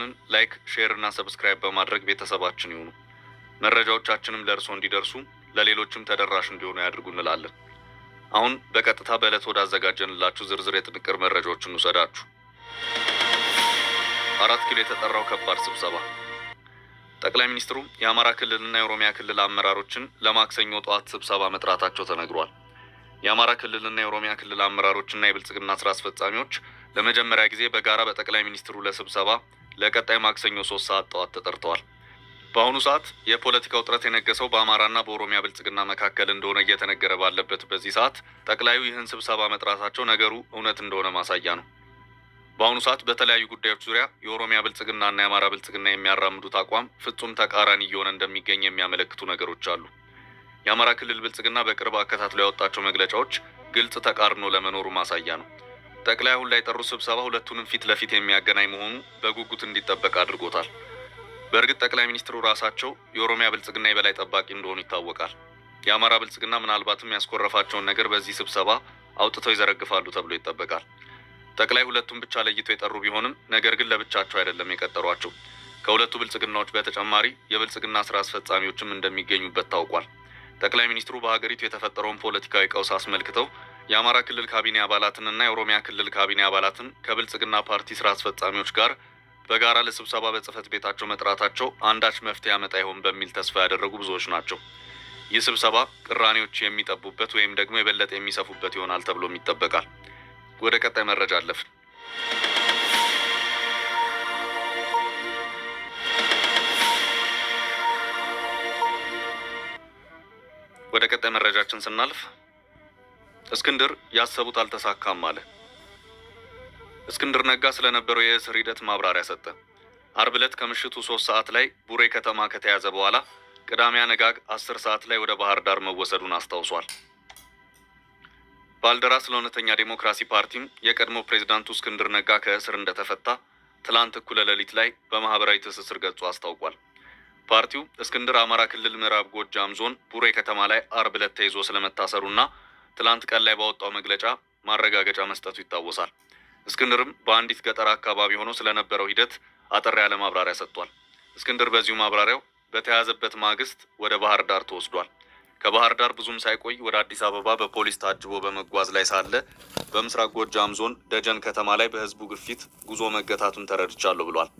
ገጻችንን ላይክ፣ ሼር እና ሰብስክራይብ በማድረግ ቤተሰባችን ይሁኑ። መረጃዎቻችንም ለእርስዎ እንዲደርሱ ለሌሎችም ተደራሽ እንዲሆኑ ያድርጉ እንላለን። አሁን በቀጥታ በዕለት ወዳዘጋጀንላችሁ ዝርዝር የጥንቅር መረጃዎች እንውሰዳችሁ። አራት ኪሎ የተጠራው ከባድ ስብሰባ ጠቅላይ ሚኒስትሩ የአማራ ክልልና የኦሮሚያ ክልል አመራሮችን ለማክሰኞ ጠዋት ስብሰባ መጥራታቸው ተነግሯል። የአማራ ክልልና የኦሮሚያ ክልል አመራሮችና የብልጽግና ስራ አስፈጻሚዎች ለመጀመሪያ ጊዜ በጋራ በጠቅላይ ሚኒስትሩ ለስብሰባ ለቀጣይ ማክሰኞ ሶስት ሰዓት ጠዋት ተጠርተዋል። በአሁኑ ሰዓት የፖለቲካ ውጥረት የነገሰው በአማራና በኦሮሚያ ብልጽግና መካከል እንደሆነ እየተነገረ ባለበት በዚህ ሰዓት ጠቅላዩ ይህን ስብሰባ መጥራታቸው ነገሩ እውነት እንደሆነ ማሳያ ነው። በአሁኑ ሰዓት በተለያዩ ጉዳዮች ዙሪያ የኦሮሚያ ብልጽግናና የአማራ ብልጽግና የሚያራምዱት አቋም ፍጹም ተቃራኒ እየሆነ እንደሚገኝ የሚያመለክቱ ነገሮች አሉ። የአማራ ክልል ብልጽግና በቅርብ አከታትሎ ያወጣቸው መግለጫዎች ግልጽ ተቃርኖ ለመኖሩ ማሳያ ነው። ጠቅላይ አሁን ላይ የጠሩት ስብሰባ ሁለቱንም ፊት ለፊት የሚያገናኝ መሆኑ በጉጉት እንዲጠበቅ አድርጎታል። በእርግጥ ጠቅላይ ሚኒስትሩ ራሳቸው የኦሮሚያ ብልጽግና የበላይ ጠባቂ እንደሆኑ ይታወቃል። የአማራ ብልጽግና ምናልባትም ያስኮረፋቸውን ነገር በዚህ ስብሰባ አውጥተው ይዘረግፋሉ ተብሎ ይጠበቃል። ጠቅላይ ሁለቱም ብቻ ለይተው የጠሩ ቢሆንም ነገር ግን ለብቻቸው አይደለም የቀጠሯቸው። ከሁለቱ ብልጽግናዎች በተጨማሪ የብልጽግና ስራ አስፈጻሚዎችም እንደሚገኙበት ታውቋል። ጠቅላይ ሚኒስትሩ በሀገሪቱ የተፈጠረውን ፖለቲካዊ ቀውስ አስመልክተው የአማራ ክልል ካቢኔ አባላትንና የኦሮሚያ ክልል ካቢኔ አባላትን ከብልጽግና ፓርቲ ስራ አስፈጻሚዎች ጋር በጋራ ለስብሰባ በጽህፈት ቤታቸው መጥራታቸው አንዳች መፍትሄ ያመጣ ይሆን በሚል ተስፋ ያደረጉ ብዙዎች ናቸው። ይህ ስብሰባ ቅራኔዎች የሚጠቡበት ወይም ደግሞ የበለጠ የሚሰፉበት ይሆናል ተብሎም ይጠበቃል። ወደ ቀጣይ መረጃ አለፍን። ወደ ቀጣይ መረጃችን ስናልፍ እስክንድር ያሰቡት አልተሳካም አለ። እስክንድር ነጋ ስለነበረው የእስር ሂደት ማብራሪያ ሰጠ። አርብ ዕለት ከምሽቱ ሶስት ሰዓት ላይ ቡሬ ከተማ ከተያዘ በኋላ ቅዳሜ አነጋግ አስር ሰዓት ላይ ወደ ባህር ዳር መወሰዱን አስታውሷል። ባልደራስ ለእውነተኛ ዴሞክራሲ ፓርቲም የቀድሞ ፕሬዚዳንቱ እስክንድር ነጋ ከእስር እንደተፈታ ትላንት እኩለ ሌሊት ላይ በማህበራዊ ትስስር ገጹ አስታውቋል። ፓርቲው እስክንድር አማራ ክልል ምዕራብ ጎጃም ዞን ቡሬ ከተማ ላይ አርብ ዕለት ተይዞ ስለመታሰሩና ትላንት ቀን ላይ ባወጣው መግለጫ ማረጋገጫ መስጠቱ ይታወሳል። እስክንድርም በአንዲት ገጠር አካባቢ ሆኖ ስለነበረው ሂደት አጠር ያለ ማብራሪያ ሰጥቷል። እስክንድር በዚሁ ማብራሪያው በተያዘበት ማግስት ወደ ባህር ዳር ተወስዷል። ከባህር ዳር ብዙም ሳይቆይ ወደ አዲስ አበባ በፖሊስ ታጅቦ በመጓዝ ላይ ሳለ በምስራቅ ጎጃም ዞን ደጀን ከተማ ላይ በህዝቡ ግፊት ጉዞ መገታቱን ተረድቻለሁ ብሏል።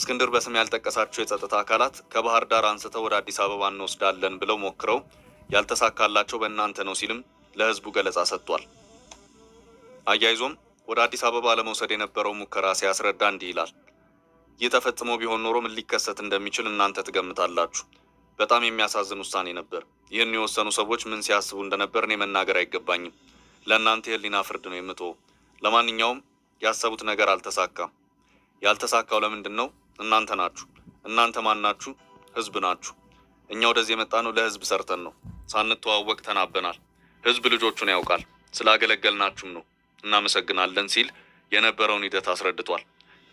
እስክንድር በስም ያልጠቀሳቸው የጸጥታ አካላት ከባህር ዳር አንስተው ወደ አዲስ አበባ እንወስዳለን ብለው ሞክረው ያልተሳካላቸው በእናንተ ነው ሲልም ለህዝቡ ገለጻ ሰጥቷል። አያይዞም ወደ አዲስ አበባ ለመውሰድ የነበረው ሙከራ ሲያስረዳ እንዲህ ይላል። ይህ ተፈጽሞ ቢሆን ኖሮ ምን ሊከሰት እንደሚችል እናንተ ትገምታላችሁ? በጣም የሚያሳዝን ውሳኔ ነበር። ይህን የወሰኑ ሰዎች ምን ሲያስቡ እንደነበር እኔ መናገር አይገባኝም። ለእናንተ የህሊና ፍርድ ነው የምትወ ለማንኛውም ያሰቡት ነገር አልተሳካም። ያልተሳካው ለምንድን ነው? እናንተ ናችሁ። እናንተ ማናችሁ? ህዝብ ናችሁ። እኛ ወደዚህ የመጣ ነው ለህዝብ ሰርተን ነው። ሳንተዋወቅ ተናበናል። ህዝብ ልጆቹን ያውቃል። ስላገለገልናችሁም ነው እናመሰግናለን ሲል የነበረውን ሂደት አስረድቷል።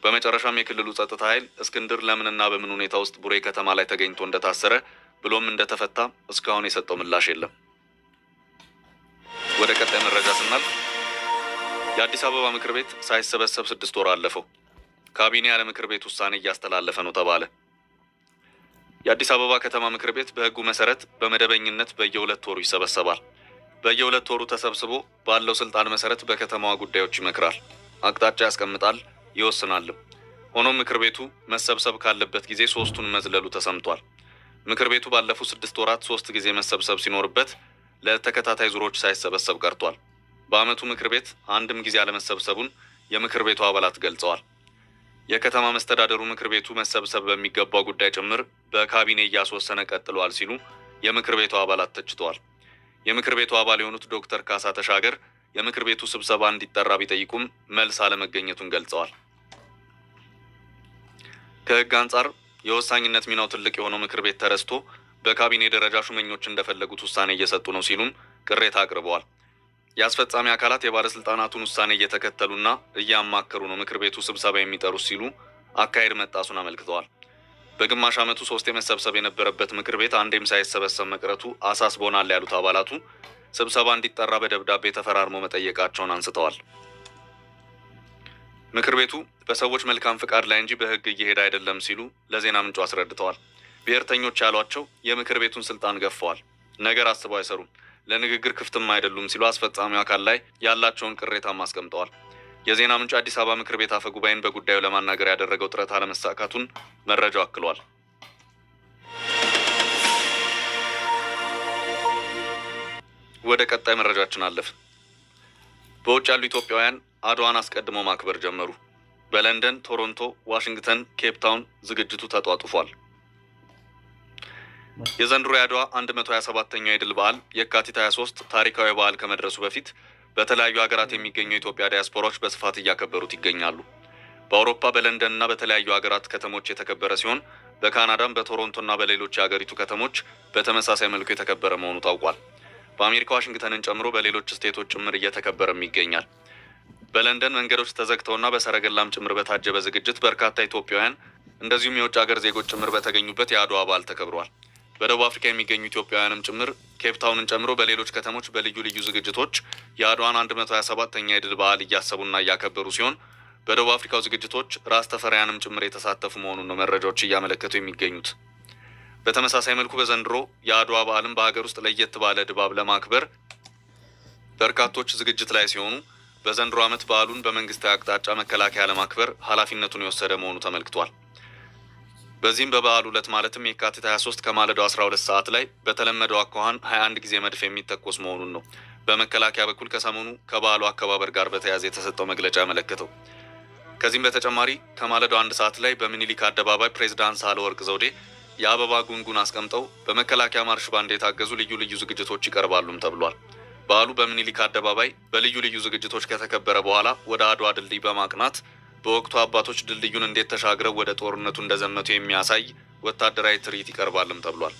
በመጨረሻም የክልሉ ጸጥታ ኃይል እስክንድር ለምንና በምን ሁኔታ ውስጥ ቡሬ ከተማ ላይ ተገኝቶ እንደታሰረ ብሎም እንደተፈታ እስካሁን የሰጠው ምላሽ የለም። ወደ ቀጣይ መረጃ ስናል የአዲስ አበባ ምክር ቤት ሳይሰበሰብ ስድስት ወር አለፈው። ካቢኔ ያለ ምክር ቤት ውሳኔ እያስተላለፈ ነው ተባለ። የአዲስ አበባ ከተማ ምክር ቤት በህጉ መሰረት በመደበኝነት በየሁለት ወሩ ይሰበሰባል። በየሁለት ወሩ ተሰብስቦ ባለው ስልጣን መሰረት በከተማዋ ጉዳዮች ይመክራል፣ አቅጣጫ ያስቀምጣል፣ ይወስናልም። ሆኖም ምክር ቤቱ መሰብሰብ ካለበት ጊዜ ሶስቱን መዝለሉ ተሰምቷል። ምክር ቤቱ ባለፉት ስድስት ወራት ሶስት ጊዜ መሰብሰብ ሲኖርበት ለተከታታይ ዙሮች ሳይሰበሰብ ቀርቷል። በዓመቱ ምክር ቤት አንድም ጊዜ አለመሰብሰቡን የምክር ቤቱ አባላት ገልጸዋል። የከተማ መስተዳደሩ ምክር ቤቱ መሰብሰብ በሚገባው ጉዳይ ጭምር በካቢኔ እያስወሰነ ቀጥሏል ሲሉ የምክር ቤቱ አባላት ተችተዋል። የምክር ቤቱ አባል የሆኑት ዶክተር ካሳ ተሻገር የምክር ቤቱ ስብሰባ እንዲጠራ ቢጠይቁም መልስ አለመገኘቱን ገልጸዋል። ከህግ አንጻር የወሳኝነት ሚናው ትልቅ የሆነው ምክር ቤት ተረስቶ በካቢኔ ደረጃ ሹመኞች እንደፈለጉት ውሳኔ እየሰጡ ነው ሲሉም ቅሬታ አቅርበዋል። የአስፈጻሚ አካላት የባለስልጣናቱን ውሳኔ እየተከተሉና እያማከሩ ነው ምክር ቤቱ ስብሰባ የሚጠሩት ሲሉ አካሄድ መጣሱን አመልክተዋል። በግማሽ ዓመቱ ሶስቴ መሰብሰብ የነበረበት ምክር ቤት አንዴም ሳይሰበሰብ መቅረቱ አሳስቦናል ያሉት አባላቱ ስብሰባ እንዲጠራ በደብዳቤ ተፈራርሞ መጠየቃቸውን አንስተዋል። ምክር ቤቱ በሰዎች መልካም ፍቃድ ላይ እንጂ በሕግ እየሄደ አይደለም ሲሉ ለዜና ምንጩ አስረድተዋል። ብሔርተኞች ያሏቸው የምክር ቤቱን ስልጣን ገፈዋል፣ ነገር አስበው አይሰሩም፣ ለንግግር ክፍትም አይደሉም ሲሉ አስፈጻሚው አካል ላይ ያላቸውን ቅሬታም አስቀምጠዋል። የዜና ምንጭ አዲስ አበባ ምክር ቤት አፈ ጉባኤን በጉዳዩ ለማናገር ያደረገው ጥረት አለመሳካቱን መረጃው አክሏል። ወደ ቀጣይ መረጃችን አለፍ። በውጭ ያሉ ኢትዮጵያውያን አድዋን አስቀድሞ ማክበር ጀመሩ። በለንደን፣ ቶሮንቶ፣ ዋሽንግተን፣ ኬፕ ታውን ዝግጅቱ ተጧጡፏል። የዘንድሮ የአድዋ 127ኛው የድል በዓል የካቲት 23 ታሪካዊ በዓል ከመድረሱ በፊት በተለያዩ ሀገራት የሚገኙ የኢትዮጵያ ዲያስፖራዎች በስፋት እያከበሩት ይገኛሉ። በአውሮፓ በለንደን እና በተለያዩ ሀገራት ከተሞች የተከበረ ሲሆን በካናዳም እና በሌሎች የሀገሪቱ ከተሞች በተመሳሳይ መልኩ የተከበረ መሆኑ ታውቋል። በአሜሪካ ዋሽንግተንን ጨምሮ በሌሎች ስቴቶች ጭምር እየተከበረም ይገኛል። በለንደን መንገዶች ተዘግተውና በሰረገላም ጭምር በታጀበ ዝግጅት በርካታ ኢትዮጵያውያን እንደዚሁም የውጭ ሀገር ዜጎች ጭምር በተገኙበት የአድዋ በዓል ተከብሯል። በደቡብ አፍሪካ የሚገኙ ኢትዮጵያውያንም ጭምር ኬፕታውንን ጨምሮ በሌሎች ከተሞች በልዩ ልዩ ዝግጅቶች የአድዋን 127ኛ የድል በዓል እያሰቡና እያከበሩ ሲሆን በደቡብ አፍሪካው ዝግጅቶች ራስ ተፈሪያንም ጭምር የተሳተፉ መሆኑን ነው መረጃዎች እያመለከቱ የሚገኙት። በተመሳሳይ መልኩ በዘንድሮ የአድዋ በዓልን በሀገር ውስጥ ለየት ባለ ድባብ ለማክበር በርካቶች ዝግጅት ላይ ሲሆኑ በዘንድሮ ዓመት በዓሉን በመንግስታዊ አቅጣጫ መከላከያ ለማክበር ኃላፊነቱን የወሰደ መሆኑ ተመልክቷል። በዚህም በበዓል ሁለት ማለትም የካቲት 23 ከማለዳው 12 ሰዓት ላይ በተለመደው አኳኋን 21 ጊዜ መድፍ የሚተኮስ መሆኑን ነው በመከላከያ በኩል ከሰሞኑ ከበዓሉ አከባበር ጋር በተያያዘ የተሰጠው መግለጫ ያመለከተው። ከዚህም በተጨማሪ ከማለዳው አንድ ሰዓት ላይ በሚኒሊክ አደባባይ ፕሬዚዳንት ሳህለወርቅ ዘውዴ የአበባ ጉንጉን አስቀምጠው በመከላከያ ማርሽ ባንድ የታገዙ ልዩ ልዩ ዝግጅቶች ይቀርባሉም ተብሏል። በዓሉ በምኒልክ አደባባይ በልዩ ልዩ ዝግጅቶች ከተከበረ በኋላ ወደ አድዋ ድልድይ በማቅናት በወቅቱ አባቶች ድልድዩን እንዴት ተሻግረው ወደ ጦርነቱ እንደዘመቱ የሚያሳይ ወታደራዊ ትርኢት ይቀርባልም ተብሏል።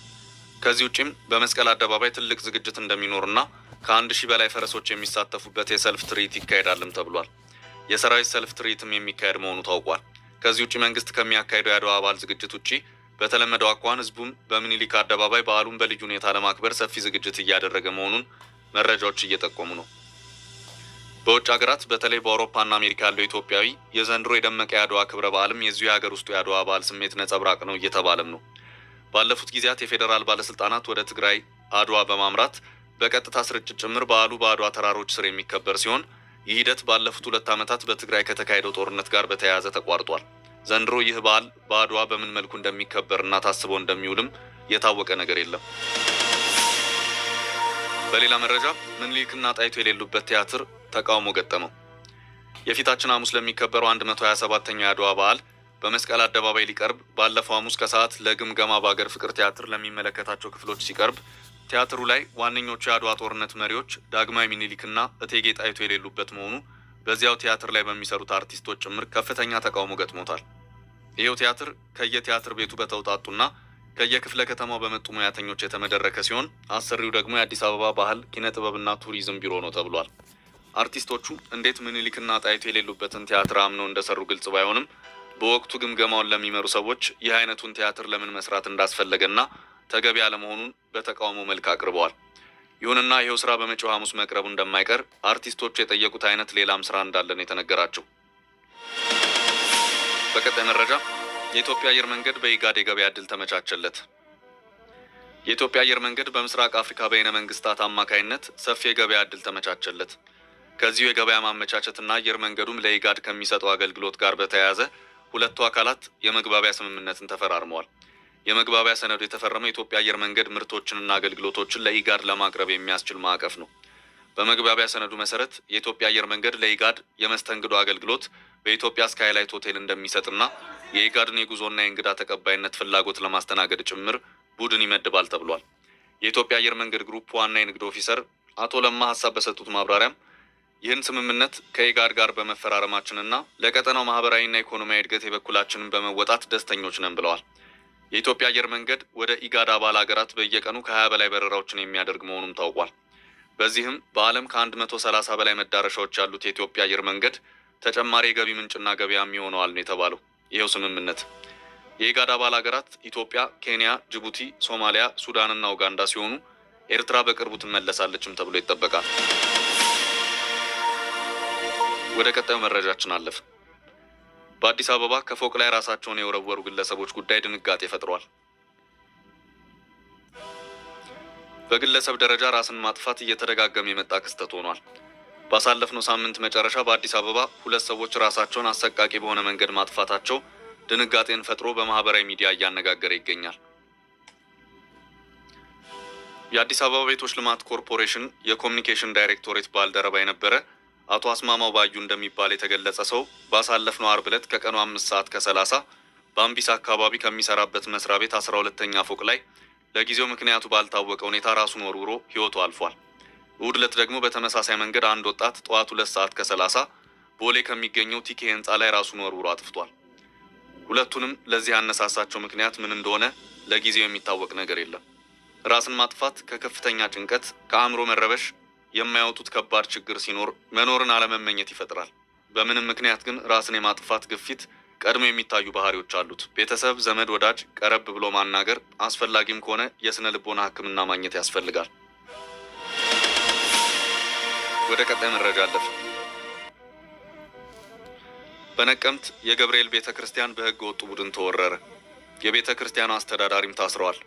ከዚህ ውጭም በመስቀል አደባባይ ትልቅ ዝግጅት እንደሚኖርና ከአንድ ሺህ በላይ ፈረሶች የሚሳተፉበት የሰልፍ ትርኢት ይካሄዳልም ተብሏል። የሰራዊት ሰልፍ ትርኢትም የሚካሄድ መሆኑ ታውቋል። ከዚህ ውጭ መንግስት ከሚያካሄደው የአድዋ አባል ዝግጅት ውጭ በተለመደው አኳን ህዝቡም በምኒልክ አደባባይ በዓሉን በልዩ ሁኔታ ለማክበር ሰፊ ዝግጅት እያደረገ መሆኑን መረጃዎች እየጠቆሙ ነው። በውጭ ሀገራት በተለይ በአውሮፓና አሜሪካ ያለው ኢትዮጵያዊ የዘንድሮ የደመቀ የአድዋ ክብረ በዓልም የዚሁ የሀገር ውስጡ የአድዋ በዓል ስሜት ነጸብራቅ ነው እየተባለም ነው። ባለፉት ጊዜያት የፌዴራል ባለስልጣናት ወደ ትግራይ አድዋ በማምራት በቀጥታ ስርጭት ጭምር በዓሉ በአድዋ ተራሮች ስር የሚከበር ሲሆን ይህ ሂደት ባለፉት ሁለት ዓመታት በትግራይ ከተካሄደው ጦርነት ጋር በተያያዘ ተቋርጧል። ዘንድሮ ይህ በዓል በአድዋ በምን መልኩ እንደሚከበርና ታስቦ እንደሚውልም የታወቀ ነገር የለም። በሌላ መረጃ ምኒልክና ጣይቱ የሌሉበት ቲያትር ተቃውሞ ገጠመው። የፊታችን ሐሙስ ለሚከበረው 127ኛው የአድዋ በዓል በመስቀል አደባባይ ሊቀርብ ባለፈው ሐሙስ ከሰዓት ለግምገማ በአገር ፍቅር ቲያትር ለሚመለከታቸው ክፍሎች ሲቀርብ ቲያትሩ ላይ ዋነኞቹ የአድዋ ጦርነት መሪዎች ዳግማዊ ሚኒሊክና እቴጌ ጣይቱ የሌሉበት መሆኑ በዚያው ቲያትር ላይ በሚሰሩት አርቲስቶች ጭምር ከፍተኛ ተቃውሞ ገጥሞታል። ይኸው ቲያትር ከየቲያትር ቤቱ በተውጣጡና ከየክፍለ ከተማው በመጡ ሙያተኞች የተመደረከ ሲሆን አሰሪው ደግሞ የአዲስ አበባ ባህል ኪነ ጥበብና ቱሪዝም ቢሮ ነው ተብሏል። አርቲስቶቹ እንዴት ምኒልክና ጣይቱ የሌሉበትን ቲያትር አምነው እንደሰሩ ግልጽ ባይሆንም በወቅቱ ግምገማውን ለሚመሩ ሰዎች ይህ አይነቱን ቲያትር ለምን መስራት እንዳስፈለገና ተገቢ አለመሆኑን በተቃውሞ መልክ አቅርበዋል። ይሁንና ይኸው ስራ በመጪው ሐሙስ መቅረቡ እንደማይቀር አርቲስቶቹ የጠየቁት አይነት ሌላም ስራ እንዳለ የተነገራቸው። በቀጣይ መረጃ የኢትዮጵያ አየር መንገድ በኢጋድ የገበያ እድል ተመቻቸለት። የኢትዮጵያ አየር መንገድ በምስራቅ አፍሪካ በይነ መንግስታት አማካይነት ሰፊ የገበያ እድል ተመቻቸለት። ከዚሁ የገበያ ማመቻቸትና አየር መንገዱም ለኢጋድ ከሚሰጠው አገልግሎት ጋር በተያያዘ ሁለቱ አካላት የመግባቢያ ስምምነትን ተፈራርመዋል። የመግባቢያ ሰነዱ የተፈረመው የኢትዮጵያ አየር መንገድ ምርቶችንና አገልግሎቶችን ለኢጋድ ለማቅረብ የሚያስችል ማዕቀፍ ነው። በመግባቢያ ሰነዱ መሰረት የኢትዮጵያ አየር መንገድ ለኢጋድ የመስተንግዶ አገልግሎት በኢትዮጵያ ስካይላይት ሆቴል እንደሚሰጥና የኢጋድን የጉዞና የእንግዳ ተቀባይነት ፍላጎት ለማስተናገድ ጭምር ቡድን ይመድባል ተብሏል። የኢትዮጵያ አየር መንገድ ግሩፕ ዋና የንግድ ኦፊሰር አቶ ለማ ሀሳብ በሰጡት ማብራሪያም ይህን ስምምነት ከኢጋድ ጋር በመፈራረማችንና ለቀጠናው ማህበራዊና ኢኮኖሚያዊ እድገት የበኩላችንን በመወጣት ደስተኞች ነን ብለዋል። የኢትዮጵያ አየር መንገድ ወደ ኢጋድ አባል ሀገራት በየቀኑ ከ20 በላይ በረራዎችን የሚያደርግ መሆኑም ታውቋል። በዚህም በዓለም ከ130 በላይ መዳረሻዎች ያሉት የኢትዮጵያ አየር መንገድ ተጨማሪ የገቢ ምንጭና ገበያም ይሆነዋል ነው የተባለው። ይኸው ስምምነት የኢጋድ አባል ሀገራት ኢትዮጵያ፣ ኬንያ፣ ጅቡቲ፣ ሶማሊያ፣ ሱዳንና ኡጋንዳ ሲሆኑ ኤርትራ በቅርቡ ትመለሳለችም ተብሎ ይጠበቃል። ወደ ቀጣዩ መረጃችን አለፍ። በአዲስ አበባ ከፎቅ ላይ ራሳቸውን የወረወሩ ግለሰቦች ጉዳይ ድንጋጤ ፈጥሯል። በግለሰብ ደረጃ ራስን ማጥፋት እየተደጋገመ የመጣ ክስተት ሆኗል። ባሳለፍነው ሳምንት መጨረሻ በአዲስ አበባ ሁለት ሰዎች ራሳቸውን አሰቃቂ በሆነ መንገድ ማጥፋታቸው ድንጋጤን ፈጥሮ በማህበራዊ ሚዲያ እያነጋገረ ይገኛል። የአዲስ አበባ ቤቶች ልማት ኮርፖሬሽን የኮሚኒኬሽን ዳይሬክቶሬት ባልደረባ የነበረ አቶ አስማማው ባዩ እንደሚባል የተገለጸ ሰው ባሳለፍነው አርብ ዕለት ከቀኑ አምስት ሰዓት ከሰላሳ በአምቢስ አካባቢ ከሚሰራበት መስሪያ ቤት አስራ ሁለተኛ ፎቅ ላይ ለጊዜው ምክንያቱ ባልታወቀ ሁኔታ ራሱን ወርውሮ ህይወቱ አልፏል። እሁድ ዕለት ደግሞ በተመሳሳይ መንገድ አንድ ወጣት ጠዋት ሁለት ሰዓት ከሰላሳ ቦሌ ከሚገኘው ቲኬ ህንፃ ላይ ራሱን ወርውሮ አጥፍቷል። ሁለቱንም ለዚህ ያነሳሳቸው ምክንያት ምን እንደሆነ ለጊዜው የሚታወቅ ነገር የለም። ራስን ማጥፋት ከከፍተኛ ጭንቀት፣ ከአእምሮ መረበሽ የማያወጡት ከባድ ችግር ሲኖር መኖርን አለመመኘት ይፈጥራል። በምንም ምክንያት ግን ራስን የማጥፋት ግፊት ቀድሞ የሚታዩ ባህሪዎች አሉት። ቤተሰብ፣ ዘመድ፣ ወዳጅ ቀረብ ብሎ ማናገር፣ አስፈላጊም ከሆነ የስነ ልቦና ሕክምና ማግኘት ያስፈልጋል። ወደ ቀጣይ መረጃ አለፍ። በነቀምት የገብርኤል ቤተ ክርስቲያን በህገ ወጡ ቡድን ተወረረ። የቤተ ክርስቲያኑ አስተዳዳሪም ታስረዋል።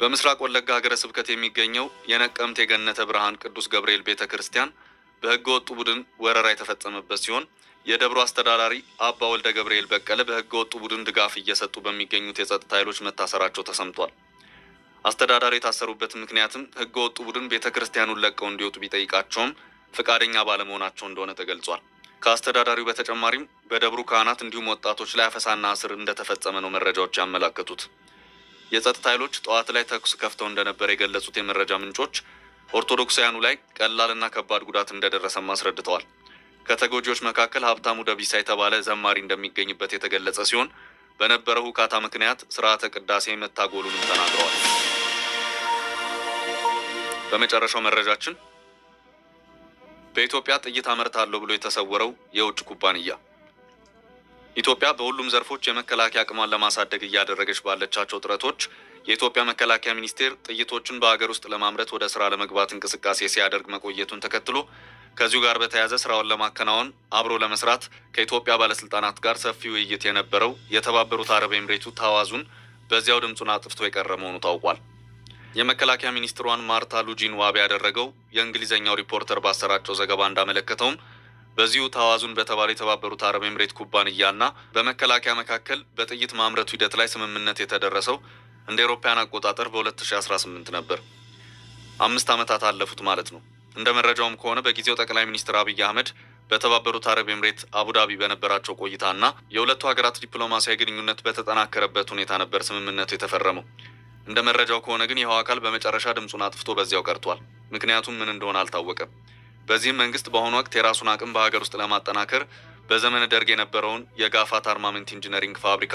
በምስራቅ ወለጋ ሀገረ ስብከት የሚገኘው የነቀምት የገነተ ብርሃን ቅዱስ ገብርኤል ቤተ ክርስቲያን በህገ ወጡ ቡድን ወረራ የተፈጸመበት ሲሆን የደብሩ አስተዳዳሪ አባ ወልደ ገብርኤል በቀለ በህገ ወጡ ቡድን ድጋፍ እየሰጡ በሚገኙት የጸጥታ ኃይሎች መታሰራቸው ተሰምቷል። አስተዳዳሪ የታሰሩበት ምክንያትም ህገ ወጡ ቡድን ቤተ ክርስቲያኑን ለቀው እንዲወጡ ቢጠይቃቸውም ፈቃደኛ ባለመሆናቸው እንደሆነ ተገልጿል። ከአስተዳዳሪው በተጨማሪም በደብሩ ካህናት እንዲሁም ወጣቶች ላይ አፈሳና እስር እንደተፈጸመ ነው መረጃዎች ያመላከቱት። የጸጥታ ኃይሎች ጠዋት ላይ ተኩስ ከፍተው እንደነበረ የገለጹት የመረጃ ምንጮች ኦርቶዶክሳውያኑ ላይ ቀላልና ከባድ ጉዳት እንደደረሰም አስረድተዋል። ከተጎጂዎች መካከል ሀብታሙ ደቢሳ የተባለ ዘማሪ እንደሚገኝበት የተገለጸ ሲሆን በነበረው ሁካታ ምክንያት ስርዓተ ቅዳሴ መታጎሉንም ተናግረዋል። በመጨረሻው መረጃችን በኢትዮጵያ ጥይት አመርታለሁ ብሎ የተሰወረው የውጭ ኩባንያ ኢትዮጵያ በሁሉም ዘርፎች የመከላከያ አቅሟን ለማሳደግ እያደረገች ባለቻቸው ጥረቶች የኢትዮጵያ መከላከያ ሚኒስቴር ጥይቶችን በሀገር ውስጥ ለማምረት ወደ ስራ ለመግባት እንቅስቃሴ ሲያደርግ መቆየቱን ተከትሎ ከዚሁ ጋር በተያያዘ ስራውን ለማከናወን አብሮ ለመስራት ከኢትዮጵያ ባለስልጣናት ጋር ሰፊ ውይይት የነበረው የተባበሩት አረብ ኤምሬቱ ታዋዙን በዚያው ድምፁን አጥፍቶ የቀረ መሆኑ ታውቋል። የመከላከያ ሚኒስትሯን ማርታ ሉጂን ዋቢ ያደረገው የእንግሊዝኛው ሪፖርተር ባሰራጨው ዘገባ እንዳመለከተውም በዚሁ ታዋዙን በተባለ የተባበሩት አረብ ኤምሬት ኩባንያና በመከላከያ መካከል በጥይት ማምረቱ ሂደት ላይ ስምምነት የተደረሰው እንደ ኤሮፓያን አቆጣጠር በ2018 ነበር። አምስት ዓመታት አለፉት ማለት ነው። እንደ መረጃውም ከሆነ በጊዜው ጠቅላይ ሚኒስትር አብይ አህመድ በተባበሩት አረብ ኤምሬት አቡዳቢ በነበራቸው ቆይታና የሁለቱ ሀገራት ዲፕሎማሲያዊ ግንኙነት በተጠናከረበት ሁኔታ ነበር ስምምነቱ የተፈረመው። እንደ መረጃው ከሆነ ግን ይኸው አካል በመጨረሻ ድምፁን አጥፍቶ በዚያው ቀርቷል። ምክንያቱም ምን እንደሆነ አልታወቀም። በዚህም መንግስት በአሁኑ ወቅት የራሱን አቅም በሀገር ውስጥ ለማጠናከር በዘመነ ደርግ የነበረውን የጋፋት አርማመንት ኢንጂነሪንግ ፋብሪካ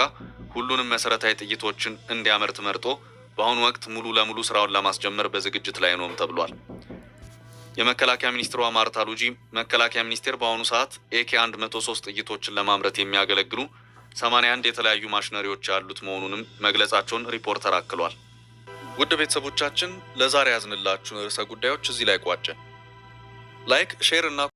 ሁሉንም መሰረታዊ ጥይቶችን እንዲያመርት መርጦ በአሁኑ ወቅት ሙሉ ለሙሉ ስራውን ለማስጀመር በዝግጅት ላይ ነውም ተብሏል። የመከላከያ ሚኒስትሯ ማርታ ሉጂ መከላከያ ሚኒስቴር በአሁኑ ሰዓት ኤኬ 103 ጥይቶችን ለማምረት የሚያገለግሉ 81 የተለያዩ ማሽነሪዎች ያሉት መሆኑንም መግለጻቸውን ሪፖርተር አክሏል። ውድ ቤተሰቦቻችን ለዛሬ ያዝንላችሁን ርዕሰ ጉዳዮች እዚህ ላይ ቋጨን። ላይክ፣ ሼር እና